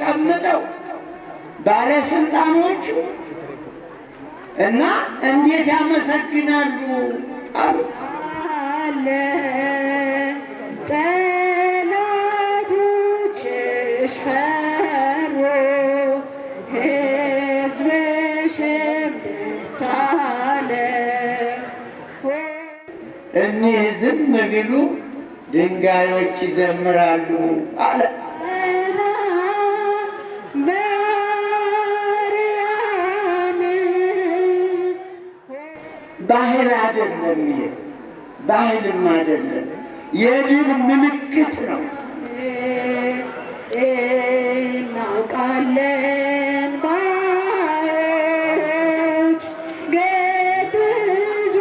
ተቀምጠው ባለስልጣኖቹ እና እንዴት ያመሰግናሉ አሉ። ጠላቶችሽ እኒህ ዝም ቢሉ ድንጋዮች ይዘምራሉ አለ። ባህል አይደለም። ይሄ ባህልም አይደለም፣ የድል ምልክት ነው። እናውቃለን ባች ገብዙ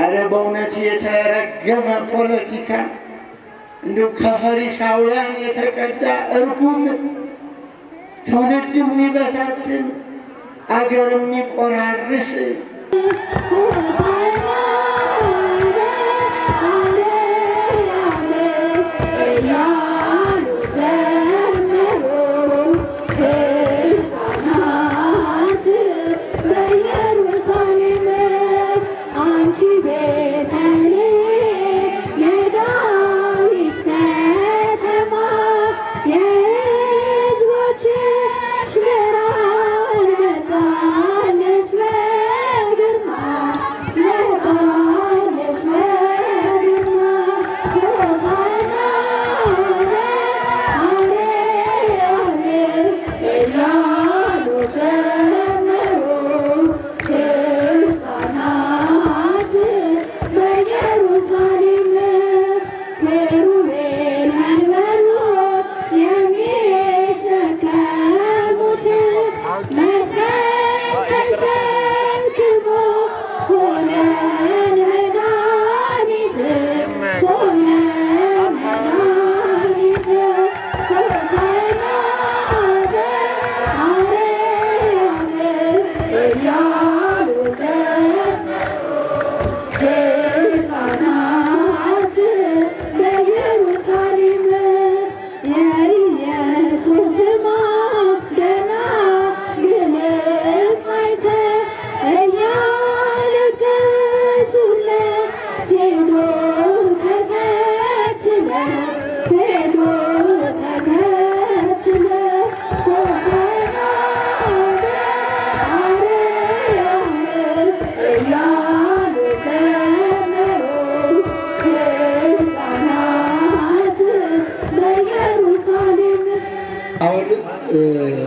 ኧረ በእውነት የተረገመ ፖለቲካ እንዲሁ ከፈሪሳውያን የተቀዳ እርጉም ትውልድ የሚበታትን አገር የሚቆራርስ Thank you.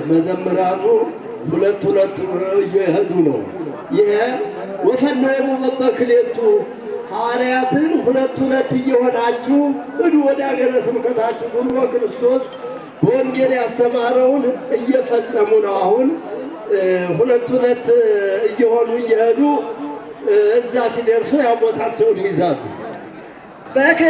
መዘምራኑ ሁለት ሁለት እየሄዱ ነው። ይህ ወፈነወሙ መበክሌቱ ሐዋርያትን ሁለት ሁለት እየሆናችሁ እዱ ወደ አገረ ስብከታችሁ ብሎ ክርስቶስ በወንጌል ያስተማረውን እየፈጸሙ ነው። አሁን ሁለት ሁለት እየሆኑ እየሄዱ እዛ ሲደርሱ ያቦታቸውን ይይዛሉ። በክ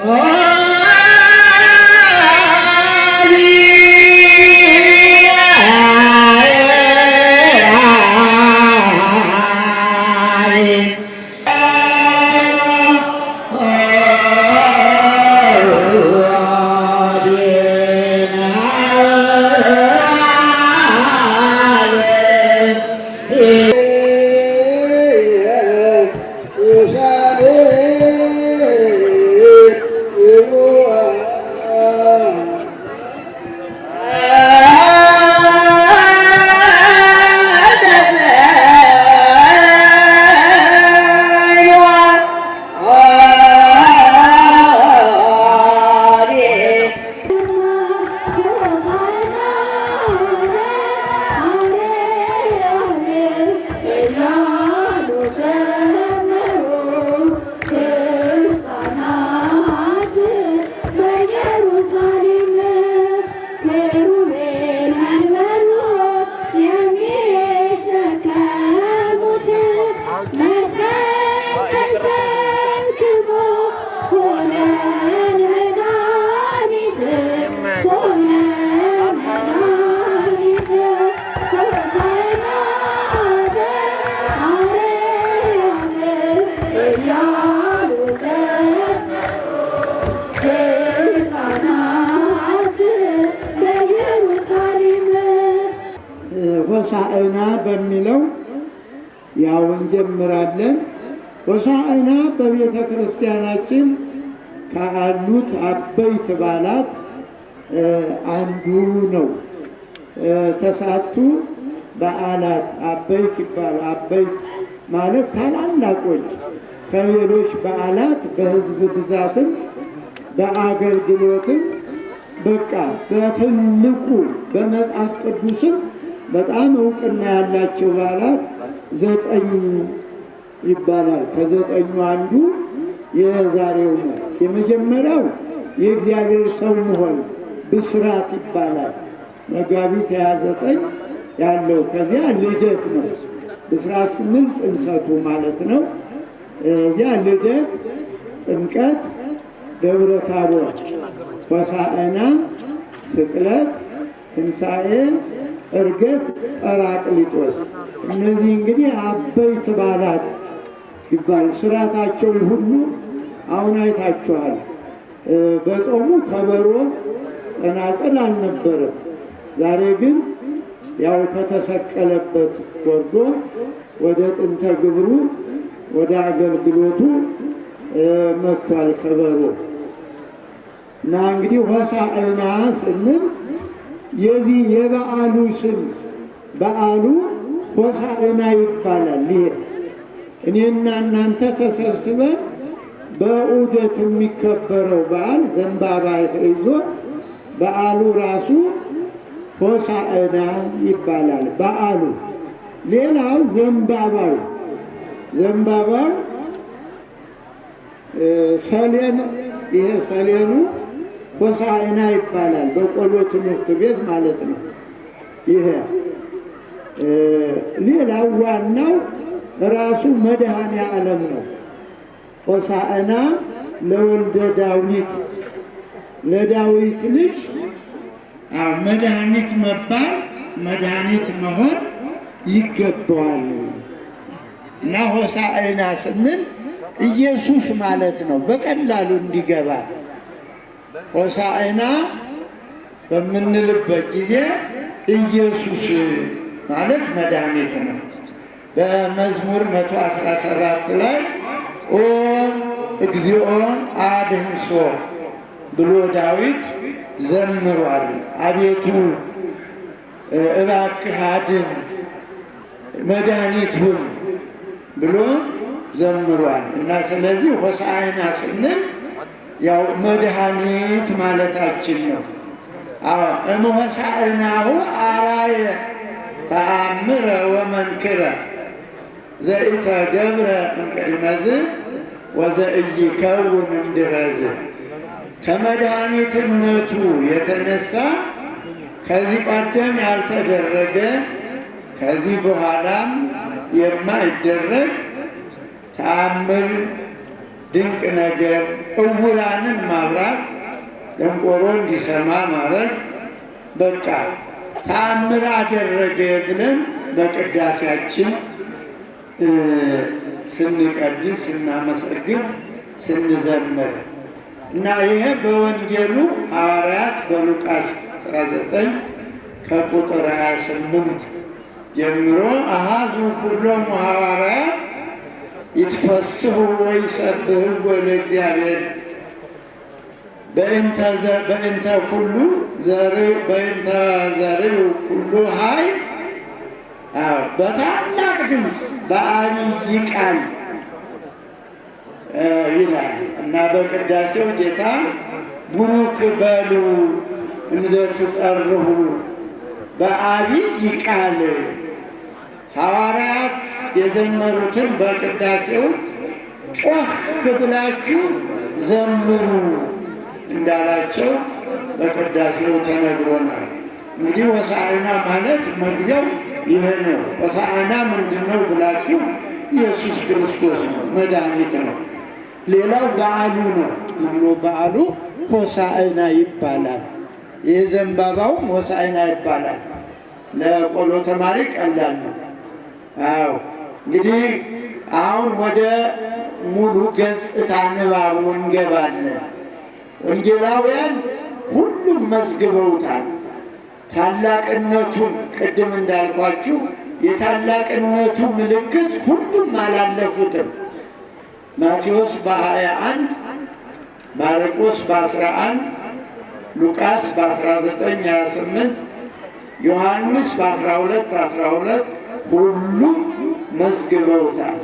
Oh! ብለው ያው እንጀምራለን። ሆሳዕና በቤተ ክርስቲያናችን ካሉት አበይት በዓላት አንዱ ነው። ተሳቱ በዓላት አበይት ይባላል። አበይት ማለት ታላላቆች ከሌሎች በዓላት በሕዝብ ብዛትም በአገልግሎትም በቃ በትልቁ በመጽሐፍ ቅዱስም በጣም እውቅና ያላቸው በዓላት ዘጠኙ ይባላል። ከዘጠኙ አንዱ የዛሬው ነው። የመጀመሪያው የእግዚአብሔር ሰው መሆን ብስራት ይባላል። መጋቢት ሃያ ዘጠኝ ያለው ከዚያ ልደት ነው። ብስራት ስንል ጽንሰቱ ማለት ነው። እዚያ ልደት፣ ጥምቀት፣ ደብረ ታቦር፣ ሆሳዕና፣ ስቅለት፣ ትንሣኤ እርገት ጰራቅሊጦስ። እነዚህ እንግዲህ አበይት በዓላት ይባል ስርዓታቸውን ሁሉ አሁን አይታችኋል። በጾሙ ከበሮ ጸናጽል አልነበረም። ዛሬ ግን ያው ከተሰቀለበት ወርዶ ወደ ጥንተ ግብሩ ወደ አገልግሎቱ መጥቷል ከበሮ እና እንግዲህ ሆሳዕና ስንል የዚህ የበዓሉ ስም በዓሉ ሆሳዕና ይባላል። ይሄ እኔና እናንተ ተሰብስበን በዑደት የሚከበረው በዓል ዘንባባ ተይዞ በዓሉ ራሱ ሆሳዕና ይባላል። በዓሉ ሌላው ዘንባባው ዘንባባው ሰሌን ይሄ ሰሌኑ ሆሳዕና ይባላል። በቆሎ ትምህርት ቤት ማለት ነው። ይሄ ሌላው ዋናው ራሱ መድኃኔ ዓለም ነው። ሆሳዕና ለወልደ ዳዊት ለዳዊት ልጅ መድኃኒት መባል መድኃኒት መሆን ይገባዋል እና ሆሳዕና ስንል ኢየሱስ ማለት ነው። በቀላሉ እንዲገባል ሆሳዕና በምንልበት ጊዜ ኢየሱስ ማለት መድኃኒት ነው። በመዝሙር 117 ላይ ኦ እግዚኦ አድህንሶ ብሎ ዳዊት ዘምሯል። አቤቱ እባክህ አድን ብሎ ዘምሯል እና ስለዚህ ሆሳዕና ስንል ያው መድኃኒት ማለታችን ነው። እሞሳእናሁ አራየ ተአምረ ወመንክረ እንቅድመዝ እምቅድመዝ ወዘኢይከውን እምድኅረዝ። ከመድኃኒትነቱ የተነሳ ከዚህ ቀደም ያልተደረገ ከዚህ በኋላም የማይደረግ ተአምር ድንቅ ነገር፣ እውራንን ማብራት፣ ደንቆሮ እንዲሰማ ማድረግ። በቃ ተአምር አደረገ ብለን በቅዳሴያችን ስንቀድስ ስናመሰግን ስንዘምር እና ይሄ በወንጌሉ ሐዋርያት በሉቃስ 19 ከቁጥር 28 ጀምሮ አሃዙ ኩሎሙ ሐዋርያት ይትፈስሑ ወይሰብሑ ለእግዚአብሔር በእንተ ኩሉ ዘርኡ በእንተ ዘርኡ ኩሉ ኃይል በታላቅ ድምፅ በአብይ ቃል ይላል እና በቅዳሴው ጌታ ቡሩክ በሉ እንዘ ትጸርሁ በአብይ ቃል ሐዋርያት የዘመሩትን በቅዳሴው ጮህ ብላችሁ ዘምሩ እንዳላቸው በቅዳሴው ተነግሮናል። እንግዲህ ሆሳዕና ማለት መግቢያው ይሄ ነው። ሆሳዕና ምንድን ነው ብላችሁ ኢየሱስ ክርስቶስ ነው፣ መድኃኒት ነው። ሌላው በዓሉ ነው ብሎ በዓሉ ሆሳዕና ይባላል። የዘንባባውም ሆሳዕና ይባላል። ለቆሎ ተማሪ ቀላል ነው። አዎ እንግዲህ አሁን ወደ ሙሉ ገጽታ ንባቡ እንገባለን። ወንጌላውያን ሁሉም መዝግበውታል። ታላቅነቱን ቅድም እንዳልኳችሁ የታላቅነቱ ምልክት ሁሉም አላለፉትም። ማቴዎስ በ21 ማርቆስ በ11 ሉቃስ በ19 28 ዮሐንስ በ12 12 ሁሉም መዝግበውታል።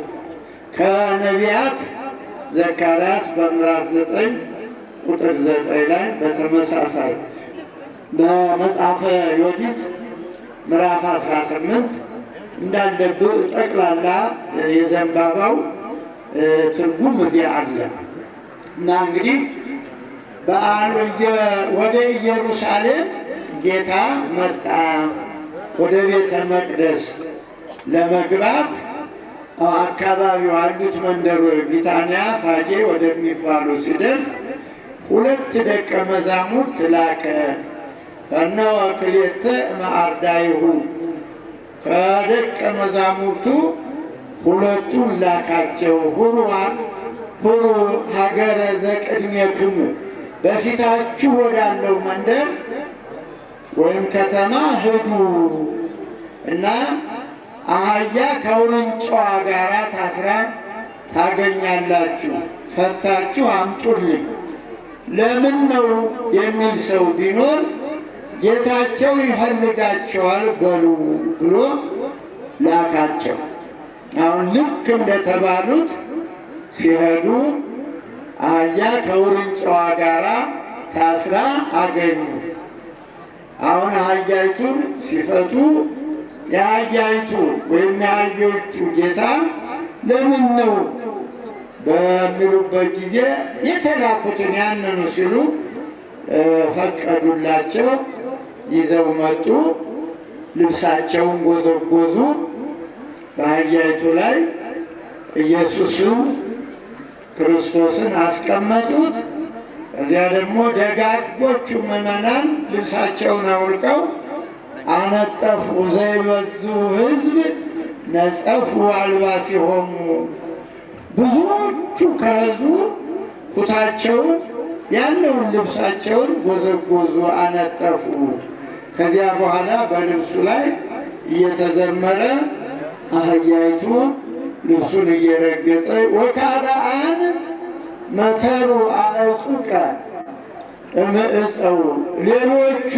ከነቢያት ዘካርያስ በምዕራፍ ዘጠኝ ቁጥር ዘጠኝ ላይ በተመሳሳይ በመጽሐፈ ዮዲት ምዕራፍ 18 እንዳለብ ጠቅላላ የዘንባባው ትርጉም እዚያ አለ እና እንግዲህ ወደ ኢየሩሳሌም ጌታ መጣ ወደ ቤተ መቅደስ ለመግባት አካባቢው አሉት መንደሮ ቢታንያ ፋጌ ወደሚባሉ ሲደርስ ሁለት ደቀ መዛሙርት ላከ። እነሆ ክልኤተ እምአርዳኢሁ ከደቀ መዛሙርቱ ሁለቱን ላካቸው። ሁሩዋን ሁሩ ሀገረ ዘቅድሜክሙ በፊታችሁ ወዳለው መንደር ወይም ከተማ ሂዱ እና አህያ ከውርንጫዋ ጋር ታስራ ታገኛላችሁ፣ ፈታችሁ አምጡልኝ። ለምን ነው የሚል ሰው ቢኖር ጌታቸው ይፈልጋቸዋል በሉ ብሎ ላካቸው። አሁን ልክ እንደተባሉት ሲሄዱ አህያ ከውርንጫዋ ጋር ታስራ አገኙ። አሁን አህያይቱን ሲፈቱ የአህያይቱ ወይም የአህዮቹ ጌታ ለምን ነው በሚሉበት ጊዜ የተላኩትን ያንኑ ሲሉ ፈቀዱላቸው። ይዘው መጡ። ልብሳቸውን ጎዘጎዙ። በአህያይቱ ላይ ኢየሱስን ክርስቶስን አስቀመጡት። እዚያ ደግሞ ደጋጎቹ ምዕመናን ልብሳቸውን አውልቀው አነጠፉ ዘይበዙ ህዝብ ነጸፉ አልባ ሲሆሙ ብዙዎቹ ከሕዝቡ ኩታቸውን ያለውን ልብሳቸውን ጎዘጎዙ፣ አነጠፉ። ከዚያ በኋላ በልብሱ ላይ እየተዘመረ አህያይቱ ልብሱን እየረገጠ ወካላአን መተሩ አእጹቀ እምዕፀው ሌሎቹ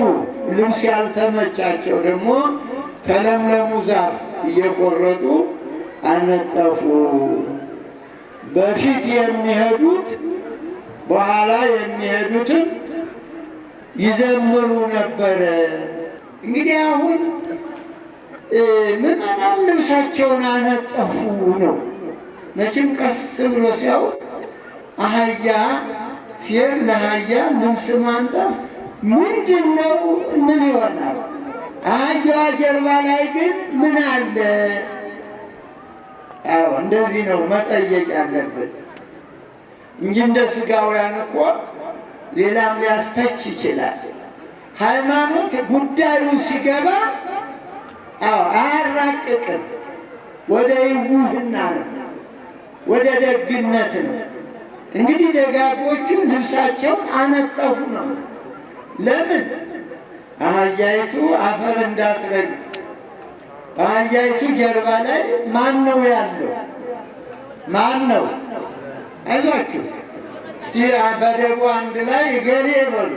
ልብስ ያልተመቻቸው ደግሞ ከለምለሙ ዛፍ እየቆረጡ አነጠፉ። በፊት የሚሄዱት በኋላ የሚሄዱትም ይዘምሩ ነበረ። እንግዲህ አሁን ምዕመናን ልብሳቸውን አነጠፉ ነው። መቼም ቀስ ብሎ ሲያውቅ አህያ ሴር ለአህያ ልብስን ማንጠፍ ምንድን ነው እንል ይሆናል። አህያዋ ጀርባ ላይ ግን ምን አለ? አዎ እንደዚህ ነው መጠየቅ ያለብን እንጂ እንደ ሥጋውያን እኮ ሌላም ሊያስተች ይችላል። ሃይማኖት ጉዳዩ ሲገባ አዎ አያራቅቅም። ወደ ይውህና ነው፣ ወደ ደግነት ነው። እንግዲህ ደጋጎቹ ልብሳቸውን አነጠፉ ነው። ለምን አህያይቱ አፈር እንዳትረግጥ። አህያይቱ ጀርባ ላይ ማን ነው ያለው? ማን ነው? አይዟችሁ እስቲ በደቡ አንድ ላይ እገሌ በሉ።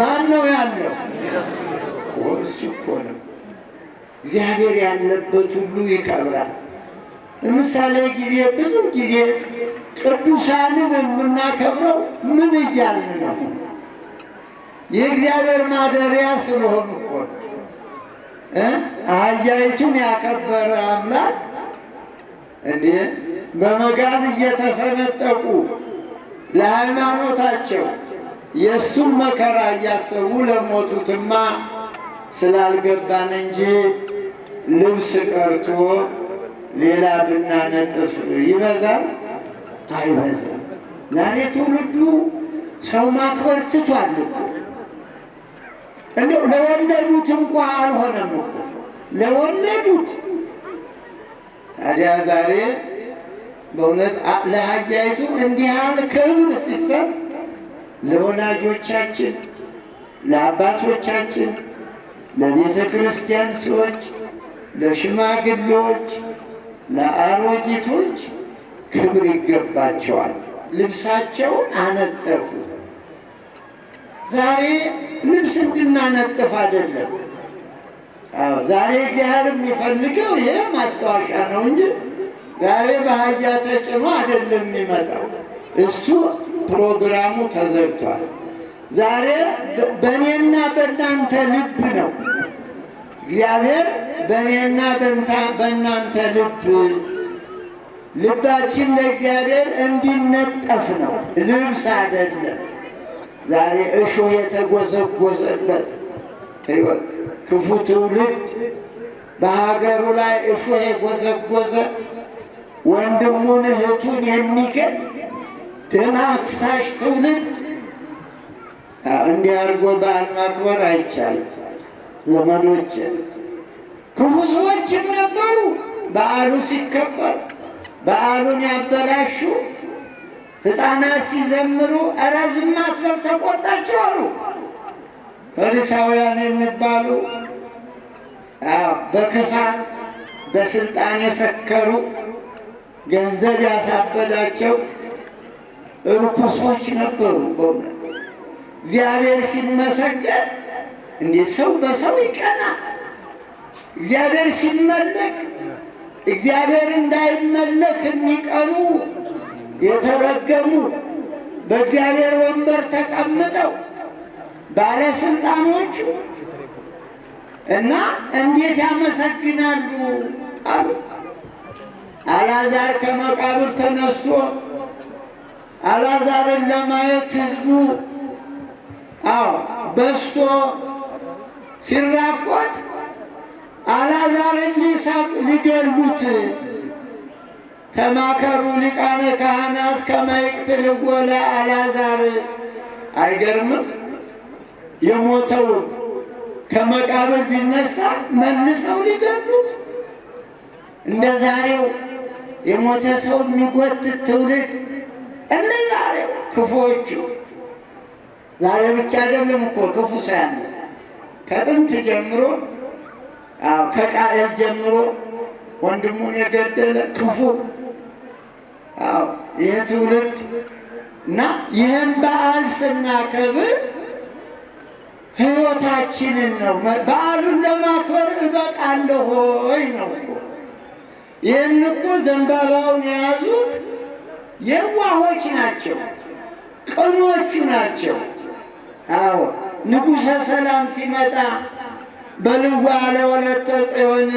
ማን ነው ያለው? እሱ እኮ ነው። እግዚአብሔር ያለበት ሁሉ ይከብራል። ምሳሌ ጊዜ ብዙ ጊዜ ቅዱሳንን የምናከብረው ምን እያልን ነው? የእግዚአብሔር ማደሪያ ስለሆኑ እኮ አህያይቱን ያከበረ አምላክ እንዴ በመጋዝ እየተሰነጠቁ ለሃይማኖታቸው የእሱን መከራ እያሰቡ ለሞቱትማ ስላልገባን እንጂ ልብስ ቀርቶ ሌላ ብናነጥፍ ይበዛል አይበዛም። ዛሬ ትውልዱ ሰው ማክበር ትቷል እኮ እንደው ለወለዱት እንኳ አልሆነም እኮ ለወለዱት። ታዲያ ዛሬ በእውነት ለሀያይቱ እንዲህ ያህል ክብር ሲሰጥ ለወላጆቻችን፣ ለአባቶቻችን፣ ለቤተ ክርስቲያን ሰዎች፣ ለሽማግሌዎች ለአሮጊቶች ክብር ይገባቸዋል። ልብሳቸውን አነጠፉ። ዛሬ ልብስ እንድናነጥፍ አይደለም። ዛሬ እግዚአብሔር የሚፈልገው ይህ ማስታወሻ ነው እንጂ ዛሬ በአህያ ተጭኖ አይደለም የሚመጣው። እሱ ፕሮግራሙ ተዘግቷል። ዛሬ በእኔና በእናንተ ልብ ነው እግዚአብሔር በእኔና በእናንተ ልብ ልባችን ለእግዚአብሔር እንዲነጠፍ ነው፣ ልብስ አይደለም። ዛሬ እሾህ የተጎዘጎዘበት ሕይወት ክፉ ትውልድ በሀገሩ ላይ እሾህ የጎዘጎዘ ወንድሙን እህቱን የሚገል ደም አፍሳሽ ትውልድ እንዲያርጎ በዓል ማክበር አይቻልም። ዘመዶች ክፉ ሰዎችም ነበሩ። በዓሉ ሲከበር በዓሉን ያበላሹ ሕፃናት ሲዘምሩ እረ ዝም አትበል ተቆጣቸው አሉ። ፈሪሳውያን የሚባሉ በክፋት በስልጣን የሰከሩ ገንዘብ ያሳበዳቸው እርኩሶች ነበሩ። በእውነት እግዚአብሔር ሲመሰገን እንዴ ሰው በሰው ይቀና። እግዚአብሔር ሲመለክ እግዚአብሔር እንዳይመለክ የሚቀኑ የተረገሙ በእግዚአብሔር ወንበር ተቀምጠው ባለስልጣኖቹ እና እንዴት ያመሰግናሉ አሉ። አላዛር ከመቃብር ተነስቶ አላዛርን ለማየት ህዝቡ አዎ በስቶ! አላዛር አልዓዛርን ሊገሉት ተማከሩ ሊቃነ ካህናት ከመይቅትልዎ አላዛር አይገርምም? የሞተውን ከመቃብር ቢነሳ መልሰው ሊገሉት። እንደ ዛሬው የሞተ ሰው የሚጎትት ትውልድ እንደ ዛሬው ክፉዎቹ ዛሬ ብቻ አይደለም እኮ ክፉ ሰው ከጥንት ጀምሮ ከቃኤል ጀምሮ ወንድሙን የገደለ ክፉ ይህ ትውልድ እና ይህን በዓል ስናከብር ህይወታችንን ነው። በዓሉን ለማክበር እበቃለሁ ሆይ ነው እኮ። ይህን እኮ ዘንባባውን የያዙት የዋሆች ናቸው፣ ቅኖቹ ናቸው። አዎ ንጉሠ ሰላም ሲመጣ በልዋ ለወለተ ጽዮን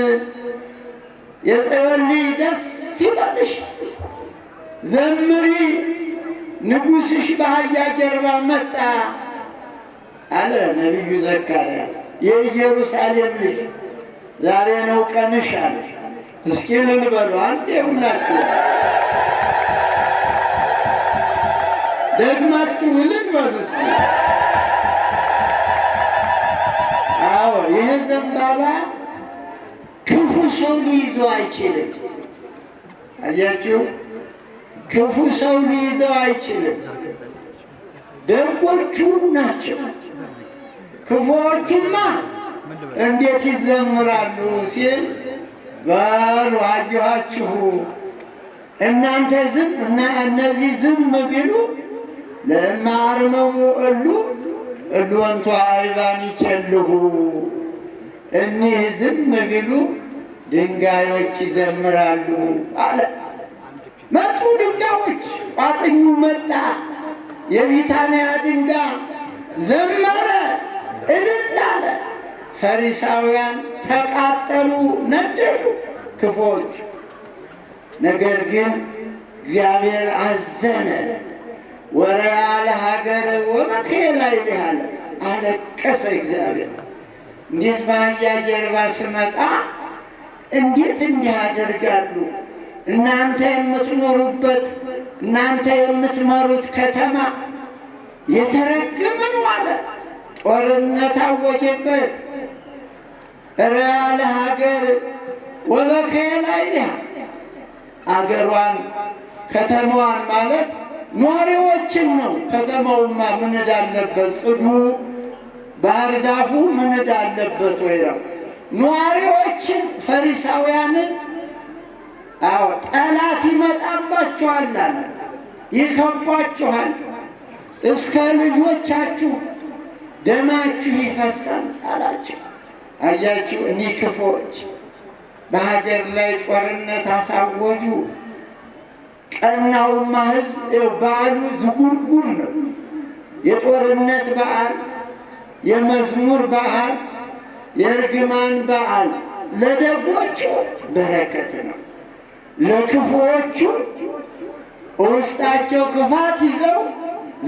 የጽዮን ልጅ ደስ ይበልሽ ዘምሪ፣ ንጉሥሽ በአህያ ጀርባ መጣ አለ ነቢዩ ዘካርያስ። የኢየሩሳሌም ልጅ ዛሬ ነው ቀንሽ አለ። እስኪ ምን በሉ አንዴ ሁላችሁ ደግማችሁ ልን በሉ እስኪ ይህ ዘንባባ ክፉ ሰው ሊይዘው አይችልም። አያችሁ፣ ክፉ ሰው ሊይዘው አይችልም። ደጎቹ ናቸው። ክፉዎቹማ እንዴት ይዘምራሉ ሲል በሉ አየኋችሁ። እናንተ ዝም እና እነዚህ ዝም ቢሉ ለማርመሙ እሉ እሉ ወንቷ አይባኒኬልሁ እኒህ ዝም ቢሉ ድንጋዮች ይዘምራሉ አለ። መጡ ድንጋዮች፣ ቋጥኙ መጣ። የቢታንያ ድንጋ ዘመረ፣ እልል አለ። ፈሪሳውያን ተቃጠሉ፣ ነደዱ ክፎች። ነገር ግን እግዚአብሔር አዘነ። ወረያ ለሀገር ወመክሔላ ይልሃል አለቀሰ እግዚአብሔር እንዴት በአህያ ጀርባ ስመጣ እንዴት እንዲህ አደርጋሉ? እናንተ የምትኖሩበት እናንተ የምትመሩት ከተማ የተረገመ ነው አለ። ጦርነት አወጀበት። እረ ሀገር ወበከላ አገሯን ከተማዋን ማለት ኗሪዎችን ነው። ከተማውማ ምን እዳለበት ጽዱ ባህር ዛፉ ምን ዕዳ አለበት ወይ ነው። ነዋሪዎችን ፈሪሳውያንን አዎ ጠላት ይመጣባችኋል አለ፣ ይከቧችኋል፣ እስከ ልጆቻችሁ ደማችሁ ይፈሳል አላቸው። አያችሁ፣ እኒህ ክፎች በሀገር ላይ ጦርነት አሳወጁ። ቀናውማ ህዝብ በዓሉ ዝጉርጉር ነው፣ የጦርነት በዓል የመዝሙር በዓል የእርግማን በዓል ለደጎቹ በረከት ነው። ለክፉዎቹ ውስጣቸው ክፋት ይዘው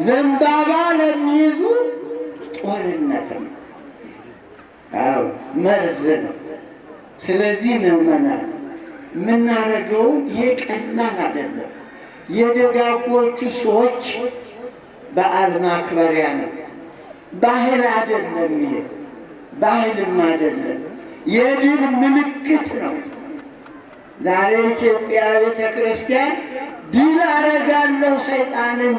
ዘንባባ ለሚይዙ ጦርነት ነው። አዎ መርዝ ነው። ስለዚህ ምዕመናን የምናደርገውን ይሄ ቀላል አይደለም። የደጋጎቹ ሰዎች በዓል ማክበሪያ ነው። ባህል አይደለም። ይሄ ባህልም አይደለም፣ የድል ምልክት ነው። ዛሬ ኢትዮጵያ ቤተ ክርስቲያን ድል አረጋለሁ ሰይጣንን፣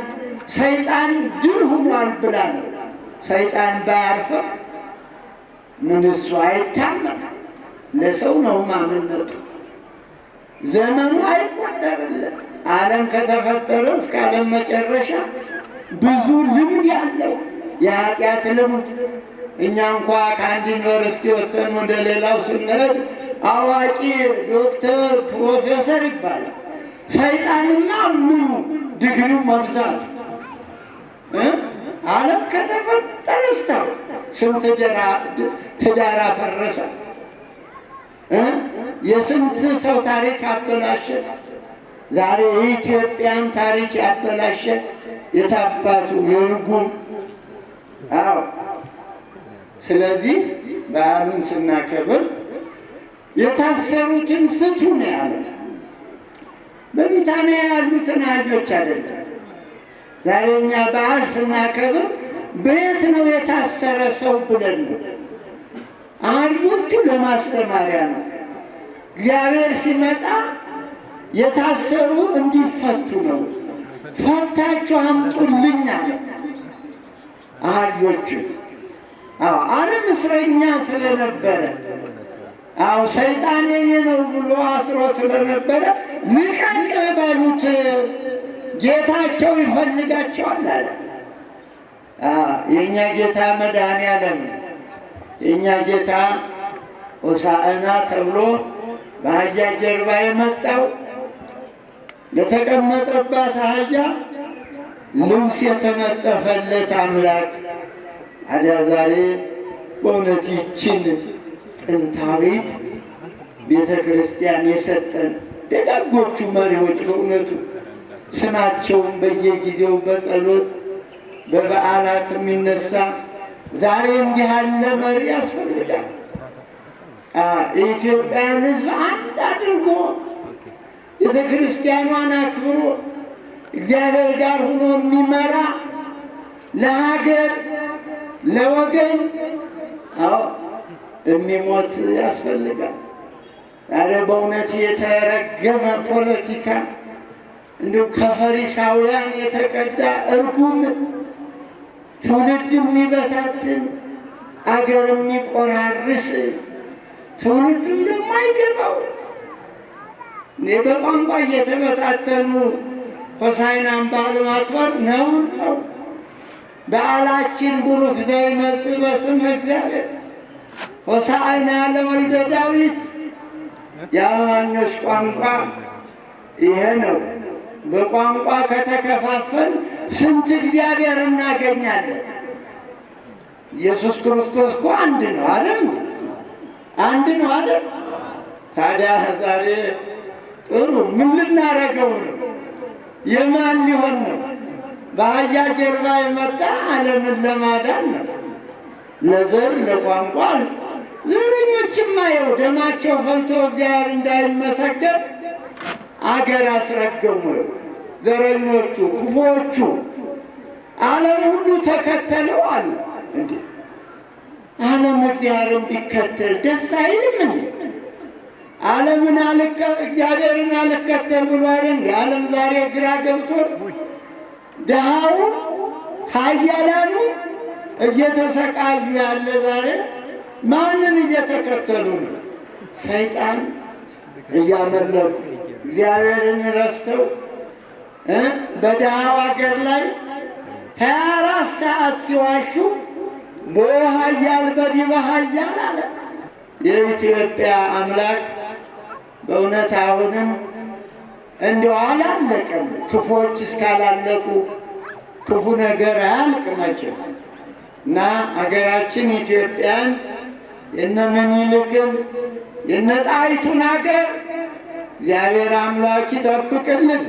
ሰይጣን ድል ሁኗል ብላ ነው። ሰይጣን ባያርፈው ምን እሱ አይታመም። ለሰው ነው ማምነቱ፣ ዘመኑ አይቆጠርለት። ዓለም ከተፈጠረ እስከ ዓለም መጨረሻ ብዙ ልምድ ያለው የኃጢአት ልምድ እኛ እንኳ ከአንድ ዩኒቨርሲቲ ወጥተን ወደ ሌላው ስንሄድ አዋቂ ዶክተር፣ ፕሮፌሰር ይባላል። ሰይጣንና ምኑ ድግሪው መብዛት ዓለም ከተፈጠረ ስታ ስንት ትዳር አፈረሰ፣ የስንት ሰው ታሪክ አበላሸ። ዛሬ የኢትዮጵያን ታሪክ ያበላሸ የታባቱ የልጉም አዎ። ስለዚህ በዓሉን ስናከብር የታሰሩትን ፍቱ ነው ያለ። በቢታንያ ያሉትን አህዮች አይደለም። ዛሬ እኛ በዓል ስናከብር በየት ነው የታሰረ ሰው ብለን ነው። አህዮቹ ለማስተማሪያ ነው። እግዚአብሔር ሲመጣ የታሰሩ እንዲፈቱ ነው። ፈታችሁ አምጡልኝ አለ። አህዮችን ዓለም እስረኛ ስለነበረ አው ሰይጣን የኔ ነው ብሎ አስሮ ስለነበረ ንቀቅ በሉት፣ ጌታቸው ይፈልጋቸዋል አለ። የእኛ ጌታ መድኃኔ የእኛ ጌታ ሆሳዕና ተብሎ በአህያ ጀርባ የመጣው ለተቀመጠባት አህያ ልብስ የተነጠፈለት አምላክ አዲያ ዛሬ በእውነት ይችን ጥንታዊት ቤተ ክርስቲያን የሰጠን ደጋጎቹ መሪዎች በእውነቱ ስማቸውን በየጊዜው በጸሎት በበዓላት የሚነሳ ዛሬ እንዲህ ያለ መሪ ያስፈልጋል። የኢትዮጵያን ሕዝብ አንድ አድርጎ ቤተ ክርስቲያኗን አክብሮ እግዚአብሔር ጋር ሆኖ የሚመራ ለሀገር ለወገን አዎ የሚሞት ያስፈልጋል። ያደ በእውነት የተረገመ ፖለቲካ እንዲሁ ከፈሪሳውያን የተቀዳ እርጉም ትውልድ የሚበታትን አገር የሚቆራርስ ትውልዱም ደግሞ አይገባው በቋንቋ እየተበታተኑ ሆሳዕናን አምባ ለማክበር ነውር ነው። በዓላችን ቡሩክ ዘይመጽእ በስም እግዚአብሔር ሆሳዕና ለወልደ ዳዊት የአማኞች ቋንቋ ይሄ ነው። በቋንቋ ከተከፋፈል ስንት እግዚአብሔር እናገኛለን? ኢየሱስ ክርስቶስ እኮ አንድ ነው አይደል? አንድ ነው አይደል? ታዲያ ዛሬ ጥሩ ምን ልናረገው ነው? የማን ሊሆን ነው? በአህያ ጀርባ የመጣ ዓለምን ለማዳን ነው። ለዘር ለቋንቋ ዘረኞችማ የው ደማቸው ፈልቶ እግዚአብሔር እንዳይመሰገር አገር አስረገሙ። ዘረኞቹ ክፉዎቹ ዓለም ሁሉ ተከተለው አሉ። እንዴ ዓለም እግዚአብሔርን ቢከተል ደስ አይልም እንዴ? ዓለምን አልከ እግዚአብሔርን አልከተል ብሎ አይደል? ዓለም ዛሬ ግራ ገብቶ ድሃው ሀያላኑ እየተሰቃዩ ያለ ዛሬ ማንን እየተከተሉ ነው? ሰይጣን እያመለኩ እግዚአብሔርን ረስተው በድሃው አገር ላይ ሀያ አራት ሰዓት ሲዋሹ በውሃ ሀያል አለ የኢትዮጵያ አምላክ በእውነት አሁንም እንዲሁ አላለቅም። ክፉዎች እስካላለቁ ክፉ ነገር አያልቅ መቼም እና ሀገራችን ኢትዮጵያን የነ ምኒልክን የነ ጣይቱን ሀገር እግዚአብሔር አምላክ ይጠብቅልን።